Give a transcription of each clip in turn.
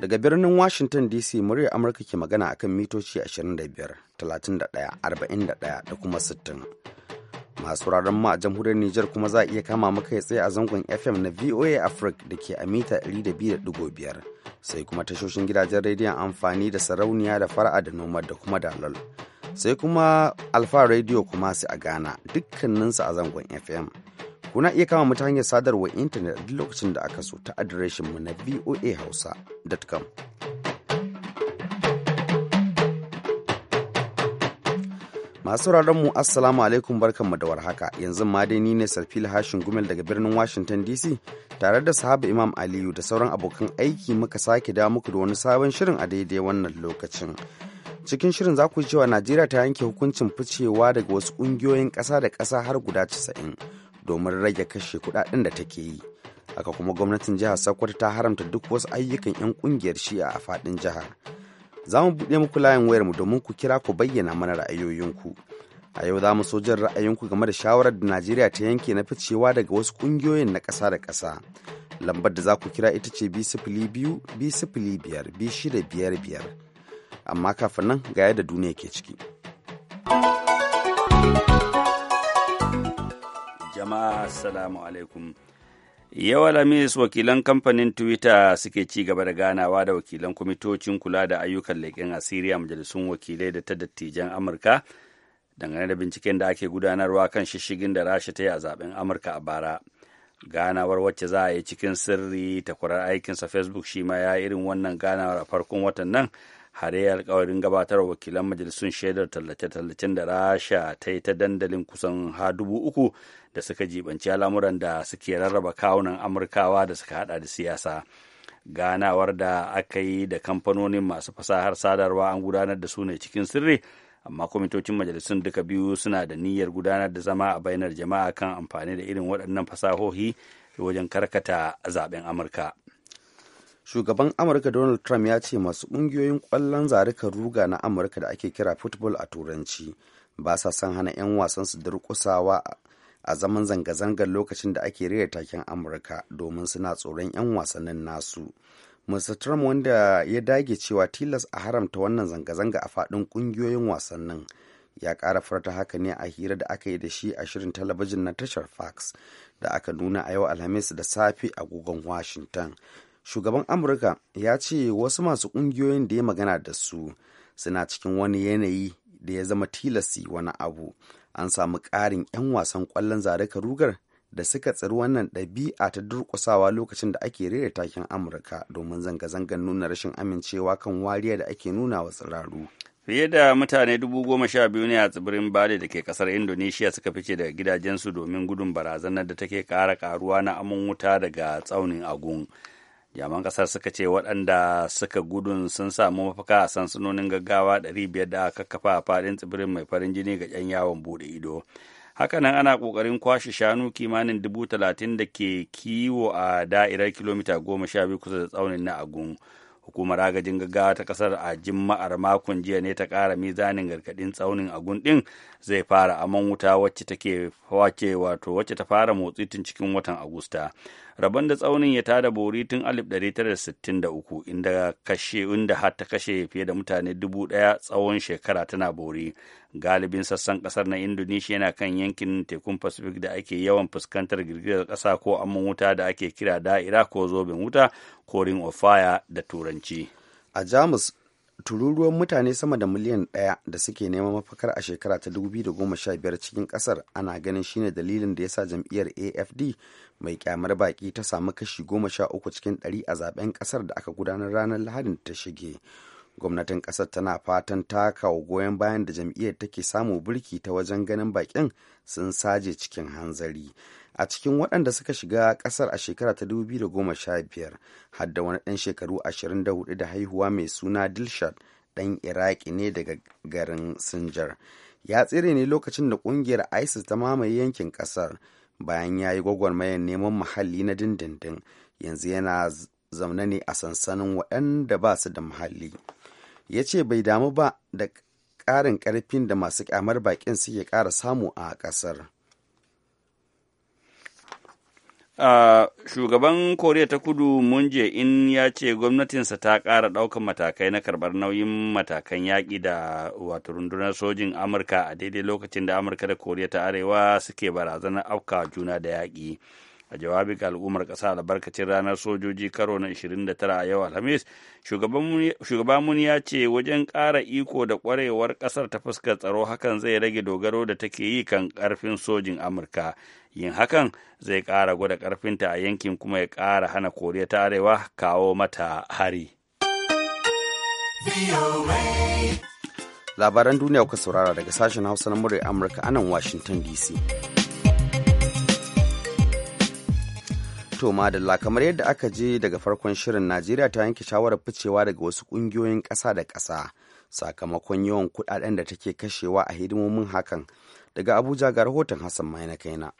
Daga birnin Washington DC muryar Amurka ke magana akan mitoci 25, 31, 41 da kuma 60. Masu wuraren mu a jamhuriyar Nijar kuma za a iya kama maka tsaye a zangon FM na VOA Africa da ke a mita 200.5 sai kuma tashoshin gidajen rediyon amfani da sarauniya da fara'a da noma da kuma dalol. Sai kuma Alfa Radio kuma sai a Ghana dukkaninsu a zangon FM. Kuna iya kama mu ta hanyar sadarwar intanet a duk lokacin da aka so ta adireshin mu na voahausa.com. Masu mu Assalamu alaikum barkanmu da warhaka yanzu ma dai ni ne Sarfil Hashin Gumel daga birnin Washington DC tare da sahaba Imam Aliyu da sauran abokan aiki muka sake da muku da wani sabon shirin a daidai wannan lokacin. Cikin shirin za ku cewa Najeriya ta yanke hukuncin ficewa daga wasu ƙungiyoyin ƙasa da ƙasa har guda 90. domin rage kashe kudaden da take yi haka kuma gwamnatin jihar sokoto ta haramta duk wasu ayyukan 'yan kungiyar shi'a a fadin jihar za mu buɗe muku layin wayar mu domin ku kira ku bayyana mana ra'ayoyinku a yau za mu so jin ra'ayinku game da shawarar da najeriya ta yanke na ficewa daga wasu kungiyoyin na ƙasa da ƙasa lambar da za ku kira ita ce bi sifili biyu b sifili biyar shida biyar biyar amma kafin nan ga yadda duniya ke ciki. jama'a assalamu alaikum yau alhamis wakilan kamfanin twitter suke ci gaba da ganawa da wakilan kwamitocin kula da ayyukan leƙen a majalisun wakilai da ta dattijan amurka dangane da binciken da ake gudanarwa kan shishigin da rasha ta yi a zaben amurka a bara ganawar wacce za a yi cikin sirri takwarar aikinsa facebook shi ma ya irin wannan ganawar a farkon watan nan hare alkawarin gabatar wakilan majalisun shaidar tallace-tallacen da rasha ta yi ta dandalin kusan ha dubu uku da suka jibanci al'amuran da suke rarraba kawunan amurkawa da suka hada da siyasa ganawar da aka yi da kamfanonin masu fasahar sadarwa an gudanar da su ne cikin sirri amma kwamitocin majalisun duka biyu suna da niyyar gudanar da zama a bainar jama'a kan amfani da irin waɗannan fasahohi wajen karkata zaben amurka shugaban amurka donald trump ya ce masu ƙungiyoyin ƙwallon zarika ruga na amurka da ake kira football a turanci ba sa son hana 'yan wasan su durƙusawa a zaman zanga-zangar lokacin da ake rera taken amurka domin suna tsoron 'yan wasannin nasu mr trump wanda ya dage cewa tilas a haramta wannan zanga-zanga a faɗin ƙungiyoyin wasannin ya ƙara furta haka ne a hira da aka yi da shi a shirin talabijin na tashar fox da aka nuna a yau alhamis da safe a gugon washington shugaban amurka ya ce wasu masu ƙungiyoyin da ya magana da su suna cikin wani yanayi da ya zama tilasi wani abu an samu ƙarin 'yan wasan ƙwallon zarika rugar da suka tsiri wannan ɗabi'a ta durƙusawa lokacin da ake rera takin amurka domin zanga-zangar nuna rashin amincewa kan wariya da ake nuna wa tsiraru fiye da mutane dubu goma sha biyu ne a tsibirin bali da ke kasar indonesiya suka fice daga gidajensu domin gudun barazanar da take kara karuwa na amon wuta daga tsaunin agun jaman kasar suka ce waɗanda suka gudun sun samu mafaka a sansanonin gaggawa 500 da aka kafa a faɗin tsibirin mai farin jini ga 'yan yawon buɗe ido hakanan ana ƙoƙarin kwashe shanu kimanin dubu talatin da ke kiwo a da'irar kilomita goma kusa da tsaunin na agun hukumar agajin gaggawa ta kasar a jimma'ar makon jiya ne ta kara mizanin gargaɗin tsaunin agun din zai fara aman wuta wacce take wace wato wacce ta fara motsi tun cikin watan agusta rabon da tsaunin ya tada bori tun 1963 inda kashe inda har ta kashe fiye da mutane dubu ɗaya tsawon shekara tana bori galibin sassan kasar na indonesia yana kan yankin tekun pacific da ake yawan fuskantar girgizar kasa ko amman wuta da ake kira da'ira ko zoben wuta korin ofaya da turanci a jamus tururuwan mutane sama da miliyan ɗaya da suke neman mafakar a shekara ta 2015 cikin ƙasar ana ganin shine dalilin da ya sa jam'iyyar afd mai kyamar baƙi ta samu kashi 13 cikin 100 a zaben ƙasar da aka gudanar ranar lahadin ta shige gwamnatin ƙasar tana fatan ta kawo goyon bayan da jam'iyyar take samu birki ta wajen ganin baƙin sun saje cikin hanzari a cikin waɗanda suka shiga ƙasar a shekara ta 2015 har da wani ɗan shekaru 24 da haihuwa mai suna Dilshad ɗan Iraki ne daga garin Sinjar. Ya tsere ne lokacin da ƙungiyar ISIS ta mamaye yankin ƙasar bayan ya yi gwagwarmayar neman muhalli na dindindin yanzu yana zaune ne a sansanin waɗanda ba su da muhalli. Ya ce bai damu ba da ƙarin ƙarfin da masu ƙyamar baƙin suke ƙara samu a ƙasar. a shugaban koriya ta kudu munje in ya ce gwamnatinsa ta kara ɗaukan matakai na karbar nauyin matakan yaƙi da wato rundunar sojin amurka a daidai lokacin da amurka da koriya ta arewa suke barazanar afka juna da yaƙi a jawabi ga al'ummar ƙasa albarkacin ranar sojoji karo na 29 a yau alhamis shugaba mun ya ce wajen ƙara iko da ƙwarewar ƙasar ta fuskar tsaro hakan zai rage dogaro da take yi kan ƙarfin sojin amurka yin hakan zai kara gwada ƙarfinta a yankin kuma ya kara hana koriya ta arewa kawo mata hari labaran duniya kuka saurara daga sashen hausa na murya amurka anan washington dc to madalla kamar yadda aka je daga farkon shirin najeriya ta yanke shawarar ficewa daga wasu ƙungiyoyin ƙasa da ƙasa sakamakon yawan kuɗaɗen da take kashewa a hidimomin hakan daga abuja ga rahoton hassan maina kaina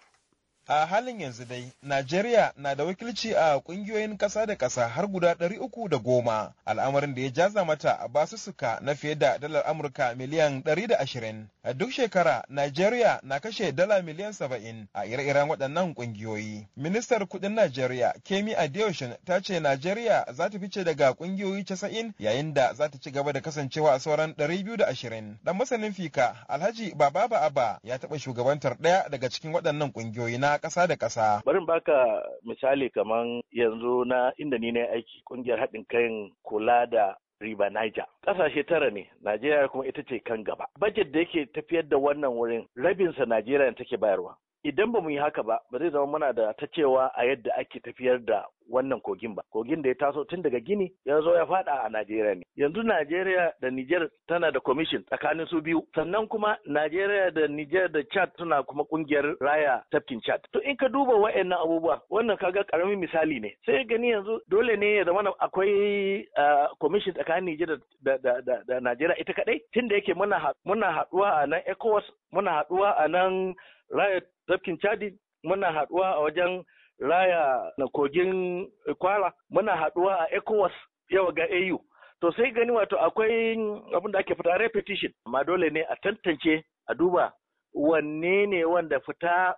a halin yanzu dai najeriya na da wakilci a kungiyoyin ƙasa da ƙasa har guda ɗari uku da goma al'amarin da ya jaza mata a suka na fiye da dalar amurka miliyan ɗari da ashirin a duk shekara najeriya na kashe dala miliyan saba'in a ire-iren waɗannan ƙungiyoyi. ministar kuɗin najeriya kemi adeoshin ta ce najeriya za ta fice daga kungiyoyi casa'in yayin da za ta ci gaba da kasancewa a sauran ɗari biyu da ashirin ɗan masanin fika alhaji baba ba ya taɓa shugabantar ɗaya daga cikin waɗannan kungiyoyi na kasa da kasa Barin baka misali kamar yanzu na inda ni na aiki ƙungiyar haɗin kan kula da riba Niger. Ƙasashe tara ne, Najeriya kuma ita ce kan gaba. Bajet da yake tafiyar da wannan wurin rabinsa Najeriya take bayarwa. idan ba mu yi haka ba ba zai zama muna da ta cewa a yadda ake tafiyar da wannan kogin ba kogin da ya taso tun daga gini ya zo ya fada a najeriya ne yanzu najeriya da niger tana da commission tsakanin su biyu sannan kuma najeriya da niger da chad suna kuma kungiyar raya tafkin chad to in ka duba wa'annan abubuwa wannan kaga karamin misali ne sai gani yanzu dole ne ya zama akwai commission tsakanin niger da najeriya ita kadai tun da yake muna haduwa a nan ecowas muna haduwa a nan raya tafkin chadi muna haɗuwa a wajen raya na kogin kwara muna haɗuwa a ecowas yawa ga au to sai gani wato akwai abin da ake fita repetition amma dole ne a tantance a duba wanne ne wanda fita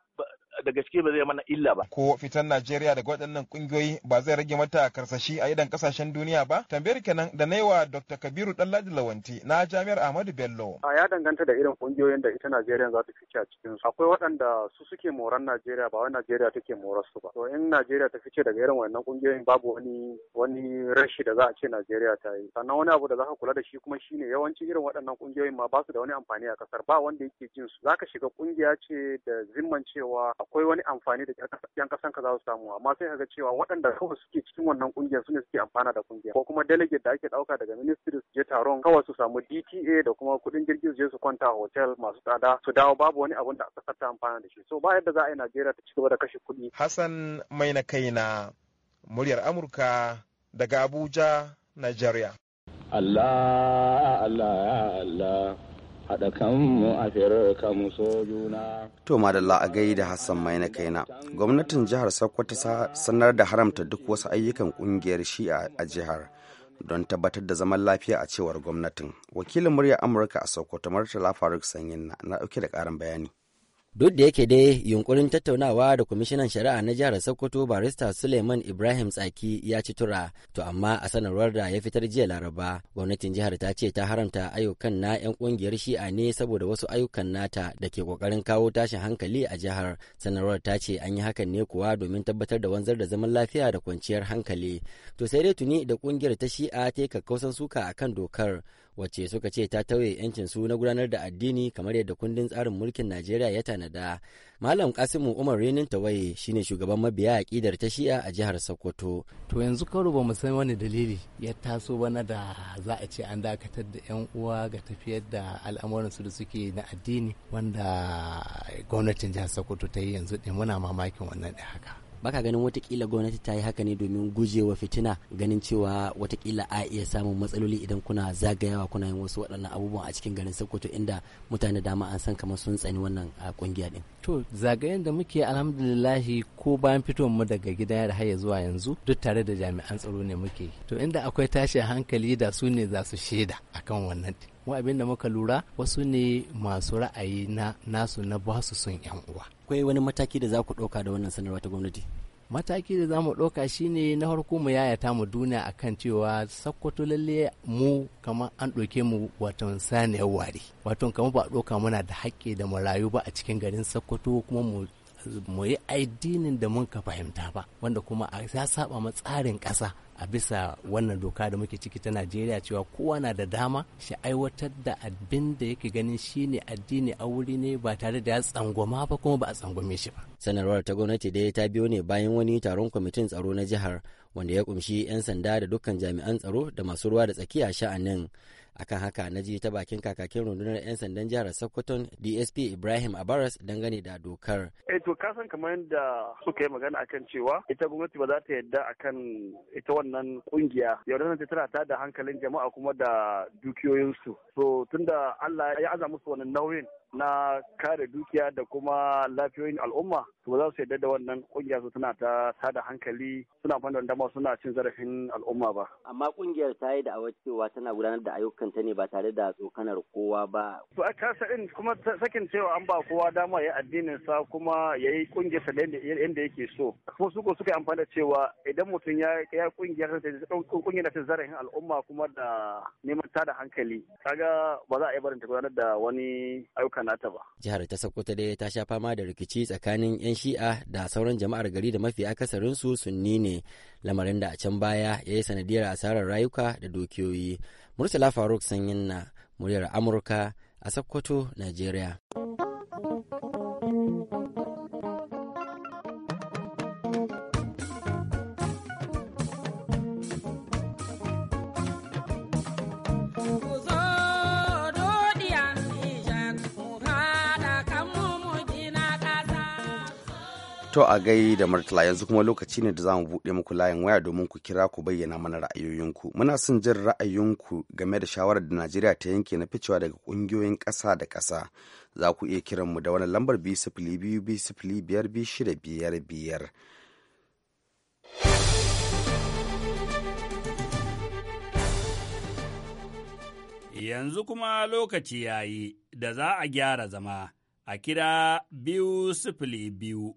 da gaske ba zai mana illa ba. Ko fitan Najeriya daga waɗannan ƙungiyoyi ba zai rage mata karsashi a idan ƙasashen duniya ba? Tambayar kenan da na yi wa Dr. Kabiru Ɗanladi Lawanti na Jami'ar Ahmadu Bello. A ya danganta da irin ƙungiyoyin da ita Najeriya za ta fice a cikin su. Akwai waɗanda su suke moran Najeriya ba wai Najeriya take moran su ba. To in Najeriya ta fice daga irin wannan ƙungiyoyin babu wani wani rashi da za a ce Najeriya ta yi. Sannan wani abu da za ka kula da shi kuma shine yawanci irin waɗannan ƙungiyoyin ma ba su da wani amfani a ƙasar ba wanda yake jin su. Za ka shiga ƙungiya ce da zimman cewa akwai wani amfani da yan kasan ka za su samu amma sai ga cewa waɗanda kawai suke cikin wannan kungiyar su ne suke amfana da kungiyar ko kuma delegate da ake ɗauka daga ministry su je taron kawai su samu DTA da kuma kuɗin jirgi su je su kwanta a hotel masu tsada su dawo babu wani abun da kasar ta amfana da shi so ba yadda za a yi Najeriya ta ci gaba da kashe kuɗi. Hassan mai na kaina muryar Amurka daga Abuja, Najeriya. Allah Allah Allah haɗa kanmu a kanmu so juna. To madalla a gaida Hassan mai na kaina. Gwamnatin jihar Sokoto ta sanar da haramta duk wasu ayyukan ƙungiyar shi a jihar don tabbatar da zaman lafiya a cewar gwamnatin. Wakilin murya Amurka a Sokoto Murtala Faruk Sanyin na ɗauke da ƙarin bayani. duk da yake dai yunkurin tattaunawa da kwamishinan shari'a na jihar sokoto barista suleiman ibrahim tsaki ya ci tura to amma a sanarwar da ya fitar jiya laraba gwamnatin jihar ta ce ta haramta ayyukan na 'yan kungiyar shi'a ne saboda wasu ayyukan nata da ke kokarin kawo tashin hankali a jihar sanarwar ta ce an yi hakan ne kuwa domin tabbatar da wanzar da zaman lafiya da kwanciyar hankali to sai dai tuni da kungiyar ta shi'a ta yi kakkausan suka akan dokar wacce suka ce ta tauye 'yancin su na gudanar da addini kamar yadda kundin tsarin mulkin Najeriya ya tanada. Malam Kasimu Umar Renin Tawaye shine shugaban mabiya aƙidar ta Shi'a a jihar Sokoto. To yanzu karo ba mu san wani dalili ya taso bana da za a ce an dakatar da 'yan uwa ga tafiyar da al'amuran su da suke na addini wanda gwamnatin jihar Sokoto ta yi yanzu ɗin muna mamakin wannan haka. baka ganin watakila gwamnati ta yi haka ne domin gujewa fitina ganin cewa watakila a iya samun matsaloli idan kuna zagayawa kuna yin wasu waɗannan abubuwan a cikin garin sokoto inda mutane dama an san kamar sun tsani wannan kungiya din to zagayen da muke alhamdulillahi ko bayan fitowar mu daga gida ya haya zuwa yanzu duk tare da jami'an tsaro ne muke to inda akwai tashin hankali da su ne za su shaida akan wannan mu abin da muka lura wasu ne masu ra'ayi na nasu na ba su son yan uwa akwai wani mataki da za ku ɗauka da wannan sanarwa ta gwamnati mataki da za mu ɗauka shine na farko mu yayata mu duniya akan cewa sakkwato lalle mu kamar an ɗauke mu wato saniyar ware wato kamar ba ɗauka muna da haƙƙi da mu rayu ba a cikin garin sakkwato kuma mu mu yi addinin da mun ka fahimta ba wanda kuma ya saba ma tsarin ƙasa a bisa wannan doka da muke ciki ta najeriya cewa kowa na da dama shi aiwatar da abin da yake ganin shine addini a wuri ne ba tare da ya tsangwama ba kuma ba a tsangwame shi ba sanarwar ta gwamnati dai ta biyo ne bayan wani taron kwamitin tsaro na jihar wanda ya kumshi 'yan sanda da dukkan jami'an tsaro da masu ruwa da tsakiya sha'anin akan haka na ji ta bakin kakakin rundunar 'yan sandan jihar sokoton dsp ibrahim abaras dangane da dokar eh to kasan kamar yadda suka yi magana akan cewa ita gwamnati ba za ta yadda akan ita wannan kungiya yaudan ta tana ta da hankalin jama'a kuma da dukiyoyinsu so tunda allah ya aza musu wannan nauyin na kare dukiya da kuma lafiyoyin al'umma to ba za su yarda da wannan kungiya su tana ta tada hankali suna fanda dama suna cin zarafin al'umma ba amma kungiyar ta yi da cewa tana gudanar da ayyukan ta ne ba tare da tsokanar kowa ba to a kasa in kuma sakin cewa an ba kowa dama ya addinin sa kuma yayi yi kungiyar sa yadda yake so kuma su ko suka amfana cewa idan mutum ya ya kungiyar ta ta zarafin al'umma kuma da neman tada hankali kaga ba za a yi barin ta gudanar da wani ayyukan kamata ba. Jihar ta Sokoto dai ta sha fama da rikici tsakanin 'yan shi'a da sauran jama'ar gari da mafi akasarin su sunni ne lamarin da a can baya ya yi sanadiyar asarar rayuka da dukiyoyi. Murtala Faruk Sanyin na muryar Amurka a Sokoto, Najeriya. To a gai da martala yanzu kuma lokaci ne da zamu mu buɗe muku layin waya domin ku kira ku bayyana mana ra'ayoyinku. Muna son jin ra'ayinku game da shawarar da Najeriya ta yanke na ficewa daga ƙungiyoyin ƙasa da kasa Za ku iya kiran mu da wani lambar biyu sifili biyu biyu sifili biyar biyu shida biyar biyar. yanzu kuma lokaci yayi da za a gyara zama a kira biyu sifili biyu,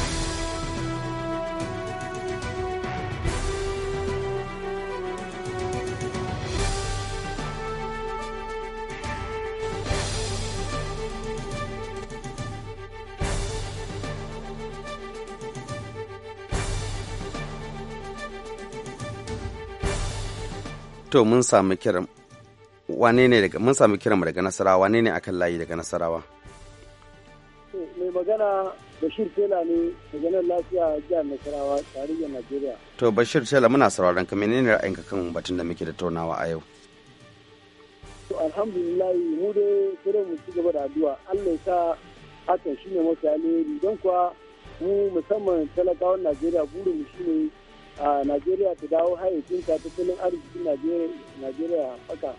to mun samu kiran wane ne daga mun samu kiran daga nasarawa wane ne akan layi daga nasarawa mai magana bashir tela ne daga nan lafiya jihar nasarawa tarihin najeriya to bashir tela muna sauraron ka menene ka kan batun da muke da taunawa a yau to alhamdulillah mu dai sai mu ci gaba da addu'a Allah ya sa hakan shine mafi alheri don kuwa mu musamman talakawan Najeriya burin mu shine a najeriya ta dawo hayyacin ta tattalin arzikin najeriya haka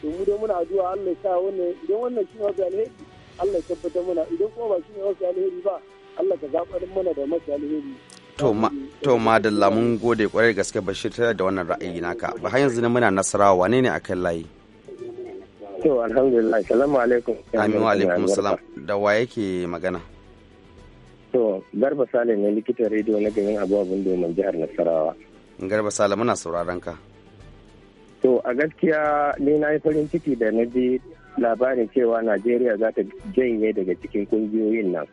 to mu dai muna addu'a allah ya sa wannan idan wannan shi wasu alheri allah ya tabbatar mana idan kuma ba shi ne wasu alheri ba allah ka zaɓar mana da masu alheri to da mun gode kwarai gaske bashir tare da wannan ra'ayi naka ba har yanzu ne muna nasarawa wane ne akan layi to alhamdulillah salamu alaikum amin wa alaikum salam da wa yake magana To, Garba Sale ne likitan rediyo na garin abubuwan domin jihar Nasarawa. Garba Sale muna sauraron ka. To, a gaskiya ni na yi farin ciki da na ji labarin cewa Najeriya za ta janye daga cikin kungiyoyin nan.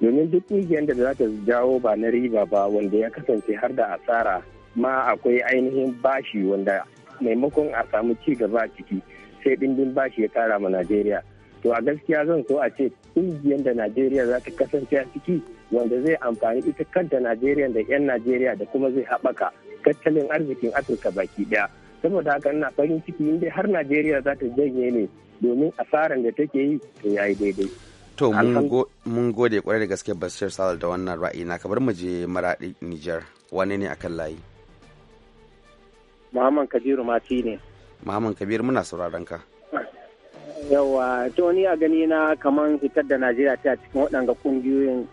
Domin duk kungiyar da za ta jawo ba na riba ba wanda ya kasance har da asara ma akwai ainihin bashi wanda maimakon a samu ci gaba ciki sai dindin bashi ya tara ma Najeriya. To a gaskiya zan so a ce kungiyar da Najeriya za ta kasance a ciki wanda zai amfani ita kanta najeriya da 'yan najeriya da kuma zai haɓaka tattalin arzikin afirka baki ɗaya saboda haka ina farin ciki inda har najeriya za ta janye ne domin asaran da take yi to yayi daidai to mun gode kwarai da gaske bashir salal da wannan ra'ayi na kabar mu je maraɗi niger wane ne akan layi muhammad kabiru mati ne muhammad kabiru muna sauraron ka yawa to ni a gani na kamar fitar da najeriya ta cikin waɗanga ƙungiyoyin.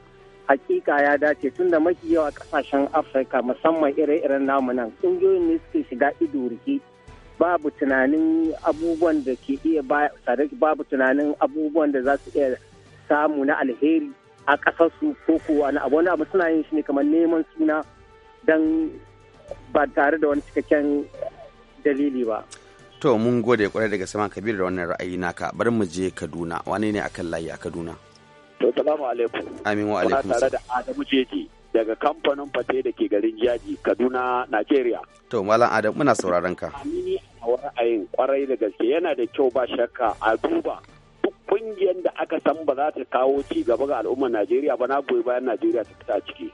hakika ya dace tun da mafi yawa kasashen afirka musamman ire-iren namu nan ƙungiyoyin ne suke shiga ido rike babu tunanin abubuwan da ke iya babu tunanin abubuwan da za su iya samu na alheri a ƙasarsu ko kowa na abu abu suna yin shi ne kamar neman suna don ba tare da wani cikakken dalili ba. To mun gode kwarai daga sama kabir da wannan ra'ayi naka bari mu je Kaduna wane ne akan layi a Kaduna? To salamu tare da Adamu Jeji daga kamfanin fate da ke garin Jaji Kaduna, Najeriya. To Malam Adamu muna sauraron ka. Amini a ra'ayin kwarai da gaske yana da kyau ba shakka a duba duk kungiyar da aka san ba za ta kawo ci gaba ga al'ummar Najeriya ba na goyi bayan Najeriya ta fita ciki.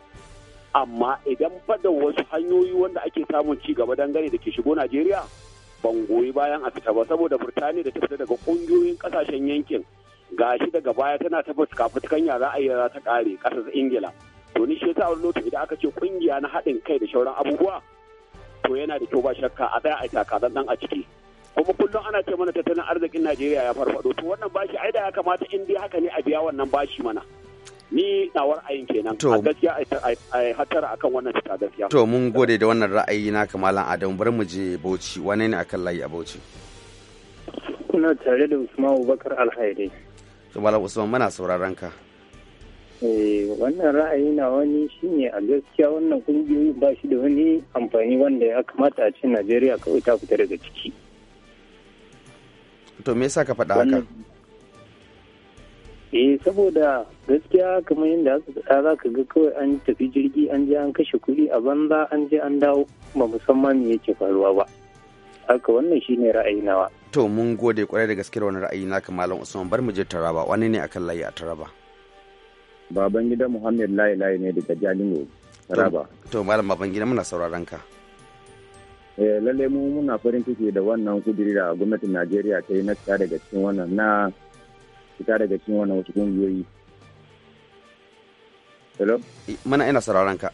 Amma idan da wasu hanyoyi wanda ake samun ci gaba dangane da ke shigo Najeriya ban goyi bayan a fita ba saboda Burtaniya da ta fita daga kungiyoyin kasashen yankin ga shi daga baya tana ta fuska ya za a yi za ta kare kasar ingila to ni shi yasa wani lokaci idan aka ce kungiya na haɗin kai da shauran abubuwa to yana da kyau ba shakka a tsaya a takadan dan a ciki kuma kullum ana ce mana tattalin arzikin Najeriya ya farfado to wannan bashi ai da ya kamata in dai haka ne a biya wannan bashi mana ni nawar ayin kenan a gaskiya a hatara akan wannan fita gaskiya to mun gode da wannan ra'ayi na kamalan Adamu bari mu je Bauchi wane ne akan layi a Bauchi kuna tare da Usman Abubakar alhaidai Malam Usman mana sauraron ka. Eh, wannan ra'ayi na wani shine a gaskiya wannan kungiyoyin ba shi da wani amfani wanda ya kamata a ce najeriya kawai ta fita daga ciki to me yasa ka faɗa haka eh saboda gaskiya kamar yadda aka faɗa za ka ga kawai an tafi jirgi an je an kashe kuɗi a banza an je an dawo ba musamman me yake faruwa ba haka wannan ne ra'ayi nawa to mun gode kwarai da gaske da wani ra'ayi naka malam usman bar mu je taraba wani ne akan layi a taraba baban gida muhammad layi layi ne daga Jalingo taraba to malam baban gida muna sauraron ka eh lalle mu muna farin ciki da wannan kudiri da gwamnatin najeriya ta yi na fita daga cikin wannan na fita daga cikin wannan wasu kungiyoyi hello eh, mana ina sauraron ka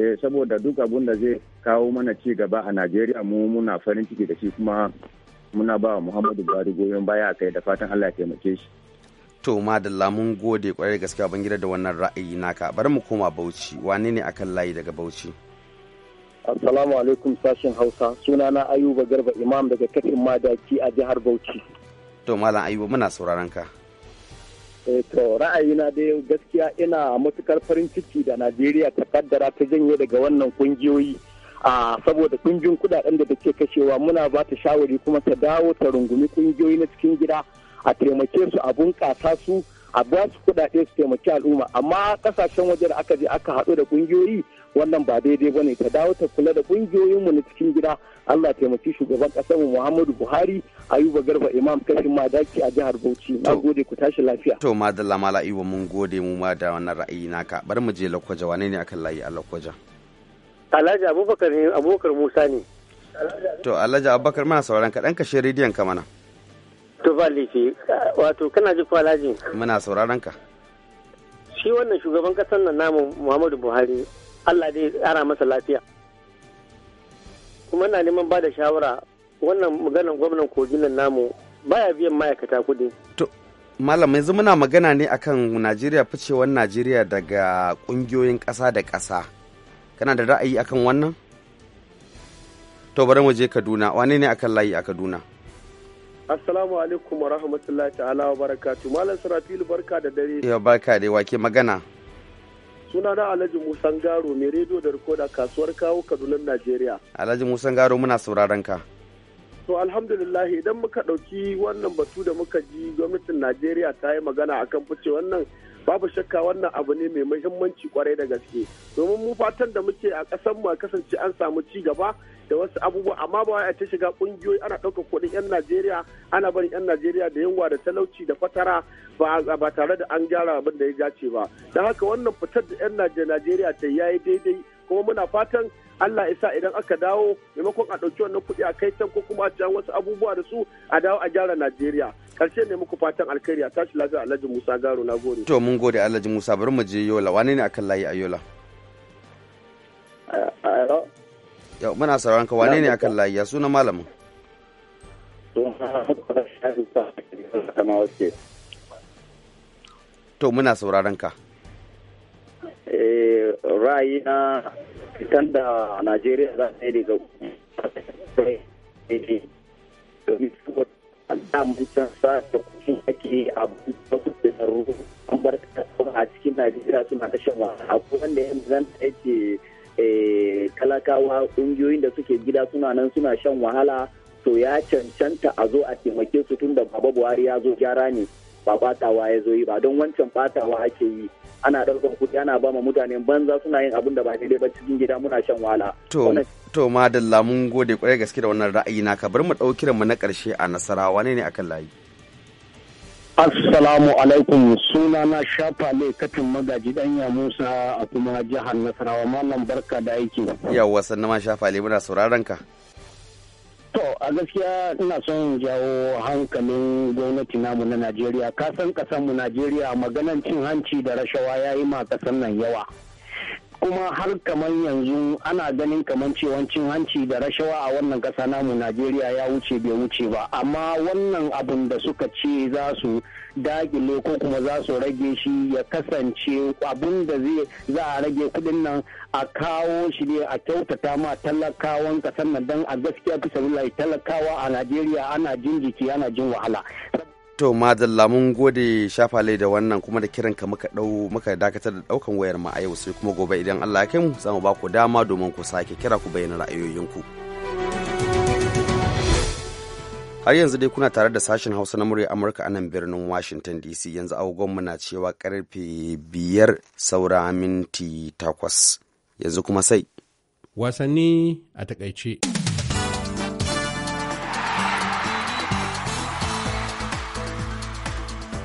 eh saboda duk abun da zai kawo mana ci gaba a najeriya mu muna farin ciki da shi kuma muna ba muhammadu buhari goyon baya a kai da fatan allah ya taimake shi to madalla mun gode kwarai gaskiya ban da wannan ra'ayi naka bari mu koma bauchi wane ne akan layi daga bauchi assalamu alaikum sashin hausa sunana ayuba garba imam daga kafin madaki a jihar bauchi to malam ayuba muna sauraron ka eh, to ra'ayina dai gaskiya ina matukar farin ciki da najeriya ta kaddara ta janye daga wannan kungiyoyi saboda kungiyoyin kudaden da take kashewa muna ba ta shawari kuma ta dawo ta rungumi kungiyoyi na cikin gida a taimake su a bunƙasa su a ba su kudade su taimaki al'umma amma kasashen waje da aka je aka haɗu da kungiyoyi wannan ba daidai bane ta dawo ta kula da kungiyoyinmu na cikin gida Allah taimaki shugaban kasar mu Muhammadu Buhari Ayuba Garba Imam kashin madaki a jihar Bauchi na gode ku tashi lafiya to madalla mala iwa mun gode mu ma da wannan ra'ayi naka bari mu je lakwaja wane ne akan layi a lakwaja Alhaji Abubakar ne Abubakar Musa ne. To Alhaji Abubakar mana sauran ka ɗan kashe rediyon ka mana. To ba laifi wato kana ji ko Alhaji. Muna sauraron ka. Shi wannan shugaban kasar nan namu Muhammadu Buhari Allah dai ƙara masa lafiya. Kuma na neman ba da shawara wannan maganar gwamnan kogin nan namu baya biyan ma'aikata kuɗi. To malam yanzu muna magana ne akan Najeriya ficewar Najeriya daga ƙungiyoyin ƙasa da ƙasa. kana da ra'ayi akan wannan to bari mu je kaduna wane ne akan layi a kaduna assalamu alaikum wa rahmatullahi ta'ala wa barakatu malam sarafil barka da dare ya barka dai wake magana suna na alhaji musan garo mai rediyo da rikoda kasuwar kawo kaduna najeriya alhaji musan garo muna sauraron ka to alhamdulillah idan muka ɗauki wannan batu da muka ji gwamnatin najeriya ta yi magana akan fice wannan babu shakka wannan abu ne mai muhimmanci kwarai da gaske domin mu fatan da muke a ƙasar mu kasance an samu ci gaba da wasu abubuwa amma ba wai a ta shiga kungiyoyi ana ɗauka kuɗin 'yan Najeriya ana barin 'yan Najeriya da yunwa da talauci da fatara ba tare da an gyara abin da ya dace ba don haka wannan fitar da 'yan Najeriya ta yayi daidai kuma muna fatan Allah isa idan aka dawo maimakon a ɗauki wannan kuɗi a kai can ko kuma a ci wasu abubuwa da su a dawo a gyara Najeriya. Karshe ne muku fatan alkhairi a tashi lafiya Alhaji Musa Garo na gode. To mun gode Alhaji Musa bari mu je Yola wane ne akan layi a Yola? Yau muna sauran ka wane ne akan layi ya suna malamin? To muna sauraron ka. Eh, ra'ayi na fitan da najeriya za ta yi daga domin saboda damun can sa da ake abu da da an bar a cikin najeriya suna da shan wahala akwai wanda ya zanta yake eh, talakawa ƙungiyoyin da suke gida suna nan suna shan wahala to ya cancanta a zo a taimake su tun da baba buhari ya zo gyara ne ba batawa ya zo yi ba don wancan batawa ake yi ana ɗaukar kuɗi ana ba ma banza suna yin abun da ba daidai ba cikin gida muna shan wahala. To, to madalla mun gode kwarai gaske da wannan ra'ayi Ka bar mu ɗauki mu na ƙarshe a nasarawa wane ne akan layi. Assalamu alaikum suna na shafa ne katin magaji danya Musa a kuma jihar Nasarawa Mallam barka da aiki. Yawwa sannan ma shafa muna sauraron ka. To a gaskiya ina son jawo hankalin gwamnati namu na Najeriya kasan mu Najeriya maganan cin hanci da rashawa ya yi ma kasan nan yawa. kuma har kamar yanzu ana ganin kamar cewan cin hanci da rashawa a wannan kasa namu najeriya ya wuce bai wuce ba amma wannan abun da suka ce za su dakile ko kuma za su rage shi ya kasance abun da zai za a rage kudin nan a kawo shi ne a kyautata ma talakawan kasar nan don a gaskiya bisa talakawa a najeriya ana jin jiki ana jin wahala To madalla mun gode shafale da wannan kuma da kiran ka muka dau muka dakatar da daukan wayar ma a yau sai kuma gobe idan Allah ya kai mu za mu ba ku dama domin ku sake kira ku bayyana ra'ayoyinku. Har yanzu dai kuna tare da sashen Hausa na murya Amurka a nan birnin Washington DC yanzu agogon mu na cewa karfe biyar saura minti takwas yanzu kuma sai. Wasanni a takaice.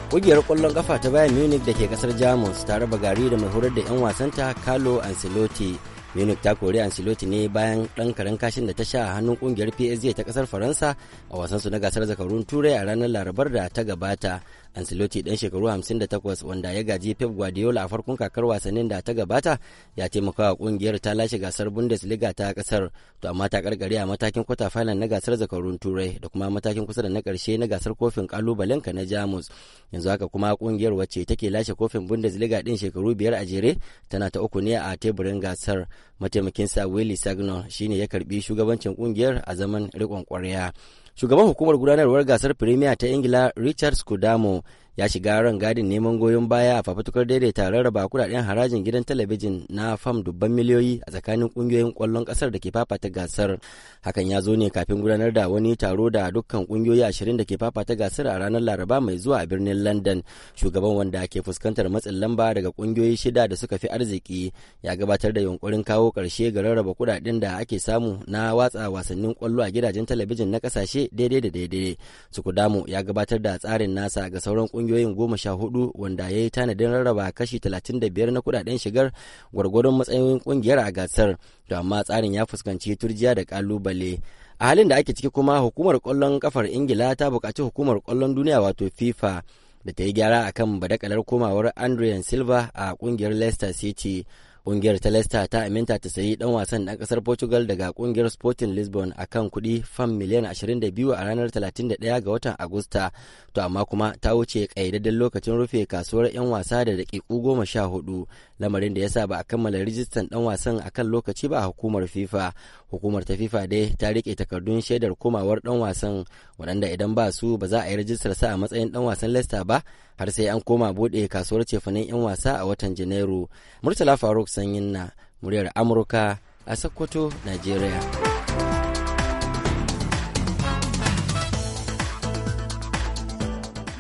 Ƙungiyar ƙwallon ƙafa ta Bayern Munich da ke kasar Jamus ta raba gari da mai horar da 'yan wasanta Carlo Ancelotti munich ta kori ancelotti ne bayan ɗan karen kashin da ta sha a hannun ƙungiyar psg ta kasar faransa a wasansu na gasar zakarun turai a ranar larabar da ta gabata ancelotti dan shekaru 58 wanda ya gaji pep guardiola a farkon kakar wasannin da ta gabata ya taimaka wa ƙungiyar ta lashe gasar bundesliga ta kasar to amma ta karkare a matakin kwata final na gasar zakarun turai da kuma matakin kusa da na karshe na gasar kofin kalubalen ka na jamus yanzu haka kuma ƙungiyar wacce take lashe kofin bundesliga din shekaru biyar a jere tana ta uku ne a teburin gasar mataimakin mataimakinsa willy sagnon shine ya karbi shugabancin kungiyar a zaman rikon kwarya shugaban hukumar gudanarwar gasar premier ta ingila richard scudamo ya shiga ran gadin neman goyon baya a fafutukar daidaita rarraba kudaden harajin gidan talabijin na fam dubban miliyoyi a tsakanin kungiyoyin kwallon kasar da ke fafata gasar hakan ya zo ne kafin gudanar da wani taro da dukkan kungiyoyi ashirin da ke fafata gasar a ranar laraba mai zuwa a birnin london shugaban wanda ke fuskantar matsin lamba daga kungiyoyi shida da suka fi arziki ya gabatar da yunkurin kawo karshe ga rarraba kudaden da ake samu na watsa wasannin kwallo a gidajen talabijin na kasashe daidai da daidai sukudamu ya gabatar da tsarin nasa ga sauran kungiyoyi ƙungiyoyin goma sha hudu wanda ya yi tanadin rarraba kashi talatin da biyar na kudaden shigar gwargwadon matsayin ƙungiyar a gasar da amma tsarin ya fuskanci turjiya da kalubale a halin da ake ciki kuma hukumar kwallon kafar ingila ta bukaci hukumar kwallon duniya wato fifa da ta yi gyara akan badakalar komawar andrian silva a ƙungiyar leicester city Ƙungiyar ta Leicester ta aminta ta sayi dan wasan dan kasar Portugal daga ƙungiyar Sporting Lisbon akan kan kuɗi fam miliyan 22 a ranar 31 ga watan Agusta, to amma kuma ta wuce ƙayyadadden lokacin rufe kasuwar 'yan wasa da daƙiƙu goma sha hudu, lamarin da ya sa ba a kammala rijistan dan wasan a kan lokaci ba a hukumar FIFA. Hukumar ta FIFA dai ta rike takardun shaidar komawar dan wasan, waɗanda idan ba su ba za a yi rajistar sa a matsayin dan wasan Leicester ba, har sai an koma bude kasuwar cefanen 'yan wasa a watan janairu murtala faruk sanyin na muryar amurka a sokoto nigeria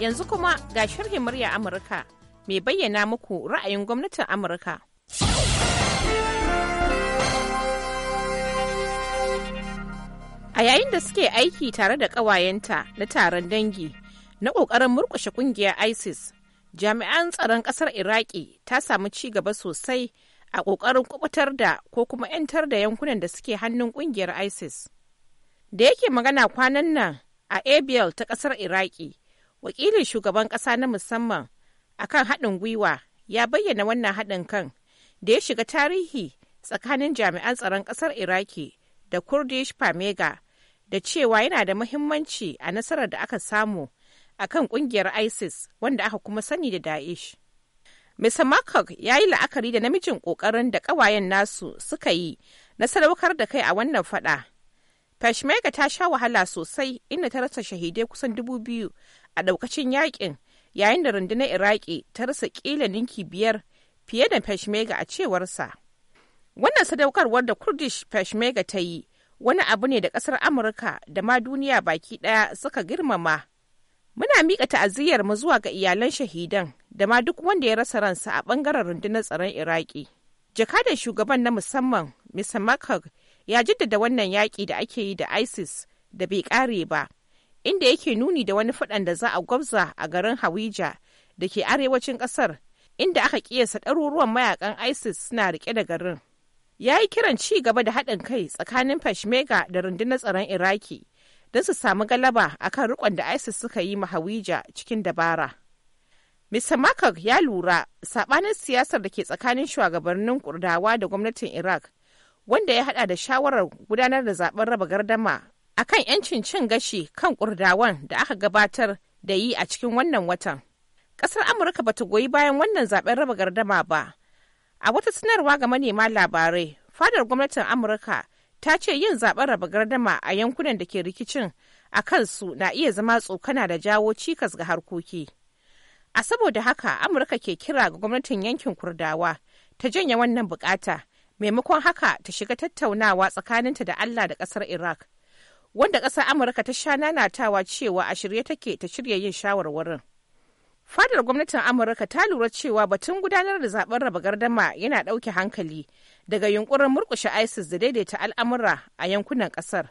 yanzu kuma ga sharhin murya amurka mai bayyana muku ra'ayin gwamnatin amurka a yayin da suke aiki tare da ƙawayenta na taron dangi na ƙoƙarin murƙushe ƙungiyar isis jami'an tsaron ƙasar iraki ta samu ci gaba sosai a ƙoƙarin kubutar da ko kuma 'yantar da yankunan da suke hannun ƙungiyar isis da yake magana kwanan nan a abl ta ƙasar iraki wakilin shugaban ƙasa na musamman akan haɗin gwiwa ya bayyana wannan haɗin kan da ya shiga tarihi tsakanin jami'an tsaron ƙasar iraki da kurdish pamega da cewa yana da muhimmanci a nasarar da aka samu a kan ƙungiyar isis wanda aka kuma sani da daesh mr Markov ya yi la'akari da namijin ƙoƙarin da ƙawayen nasu suka yi na sadaukar da kai a wannan fada peshmerga ta sha wahala sosai inda ta rasa shahidai kusan dubu biyu a ɗaukacin yakin yayin da rundunar iraki ta rasa ƙila ninki biyar fiye da peshmerga a cewarsa wannan sadaukarwar da kurdish peshmerga ta yi wani abu ne da kasar amurka da ma duniya baki daya suka girmama Muna miƙa ta'aziyyar mu zuwa ga iyalan shahidan da ma duk wanda ya rasa ransa a ɓangaren rundunar tsaron Iraki. Jakadan shugaban na musamman, Mr. Makar, ya jaddada wannan yaƙi da ake yi da ISIS da bai ƙare ba, inda yake nuni da wani faɗan da za a gwabza a garin Hawija da ke arewacin ƙasar, inda aka ƙiyasa ɗaruruwan mayakan ISIS suna riƙe da garin. Ya yi kiran ci gaba da haɗin kai tsakanin Peshmerga da rundunar tsaron Iraki don su samu galaba akan rikon da isis suka yi mahawija cikin dabara mr Makar ya lura sabanin siyasar da ke tsakanin shugabannin kurdawa da gwamnatin iraq wanda ya hada da shawarar gudanar da zaben raba gardama akan yancin cin gashi kan kurdawan da aka gabatar da yi a cikin wannan watan kasar amurka ba ta goyi bayan wannan zaben raba gardama ba a wata sanarwa ga manema labarai fadar gwamnatin amurka ta ce yin zaben raba gardama a yankunan da ke rikicin a kansu na iya zama tsokana da jawo cikas ga harkoki. A saboda haka Amurka ke kira ga gwamnatin yankin Kurdawa ta janye wannan bukata maimakon haka ta shiga tattaunawa tsakaninta da Allah da ƙasar Iraq. Wanda ƙasar Amurka ta sha nanatawa cewa a shirye take ta shirya yin shawarwarin. Fadar gwamnatin Amurka ta lura cewa batun gudanar da zaben raba gardama yana ɗauke hankali daga yunkurin murkushe isis da daidaita al'amura a yankunan kasar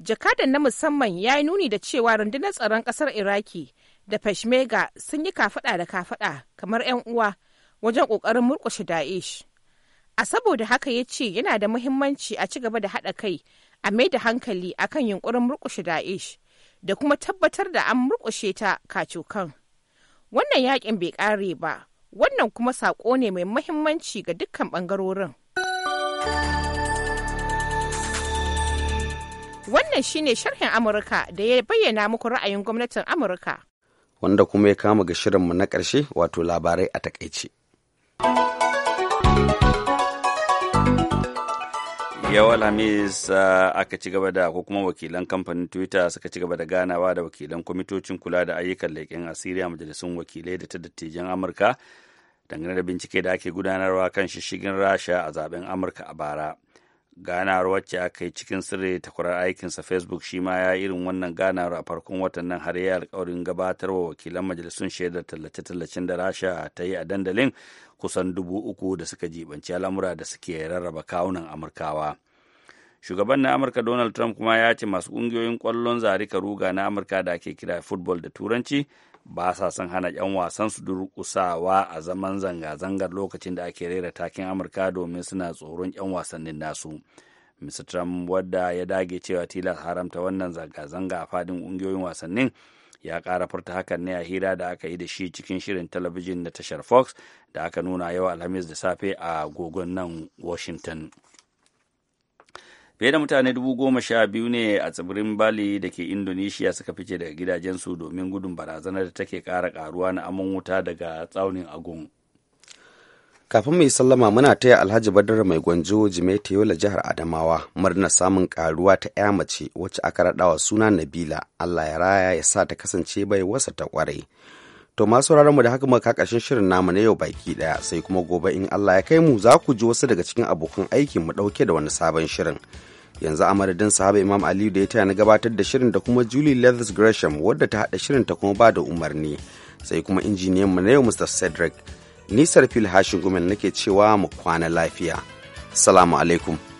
jakadan na musamman ya yi nuni da cewa rundunar tsaron kasar iraki da peshmerga sun yi kafada da kafada kamar 'yan uwa wajen kokarin murkushe daesh a saboda haka ya ce yana da muhimmanci a ci gaba da haɗa kai a mai da hankali akan yunkurin murkushe daesh da kuma tabbatar da an murkushe ta kacokan wannan yakin bai kare ba wannan kuma saƙo ne mai muhimmanci ga dukkan ɓangarorin. Wannan shine sharhin Amurka da ya bayyana muku ra'ayin gwamnatin Amurka. Wanda kuma ya kama ga shirinmu na ƙarshe wato labarai a takaice. yau alhamis uh, aka ci gaba da ko kuma wakilan kamfanin twitter suka ci gaba da ganawa da wakilan kwamitocin kula da ayyukan leƙen asiri a majalisun wakilai da ta dattijan amurka dangane da bincike da ake gudanarwa kan shishigin rasha a zaben amurka a bara ganawar wacce aka yi cikin sirri takwarar aikinsa facebook shi ma ya irin wannan ganawar a farkon watan nan har ya alkawarin gabatar wa wakilan majalisun shaidar tallace-tallacen da rasha ta yi a dandalin kusan dubu uku da suka jibanci al'amura da suke rarraba kawunan amurkawa shugaban na amurka donald trump kuma ya ce masu ƙungiyoyin kwallon zarika ruga na amurka da ake kira football da turanci ba sa son hana 'yan wasan su durƙusawa a zaman zanga-zangar lokacin da ake rera takin amurka domin suna tsoron 'yan wasannin nasu mr trump wadda ya dage cewa tilas haramta wannan zanga-zanga a fadin ƙungiyoyin wasannin ya ƙara furta hakan ne a hira da aka yi da shi cikin shirin talabijin na tashar fox da aka nuna yau alhamis da safe a gogon nan washington fiye da mutane dubu goma sha biyu ne a tsibirin bali da ke indonesia suka fice daga gidajensu domin gudun barazanar da take kara karuwa na amon wuta daga tsaunin agun kafin mai sallama muna taya alhaji badar mai gwanjo jimeta yola jihar adamawa murnar samun karuwa ta ya mace wacce aka raɗawa suna nabila allah ya raya ya sa ta kasance bai wasa ta kwarai To masu mu da haka muka ƙarshen shirin namu na yau baki ɗaya sai kuma gobe in Allah ya kai mu za ku ji wasu daga cikin abokan aikin mu ɗauke da wani sabon shirin. yanzu a madadin sahaba imam aliyu da ya taya na gabatar da shirin da kuma julie leathers gresham wadda ta haɗa shirin ta kuma ba da umarni sai kuma injiniyan mu na yau mr cedric nisar fil hashin gumen nake cewa mu kwana lafiya salamu alaikum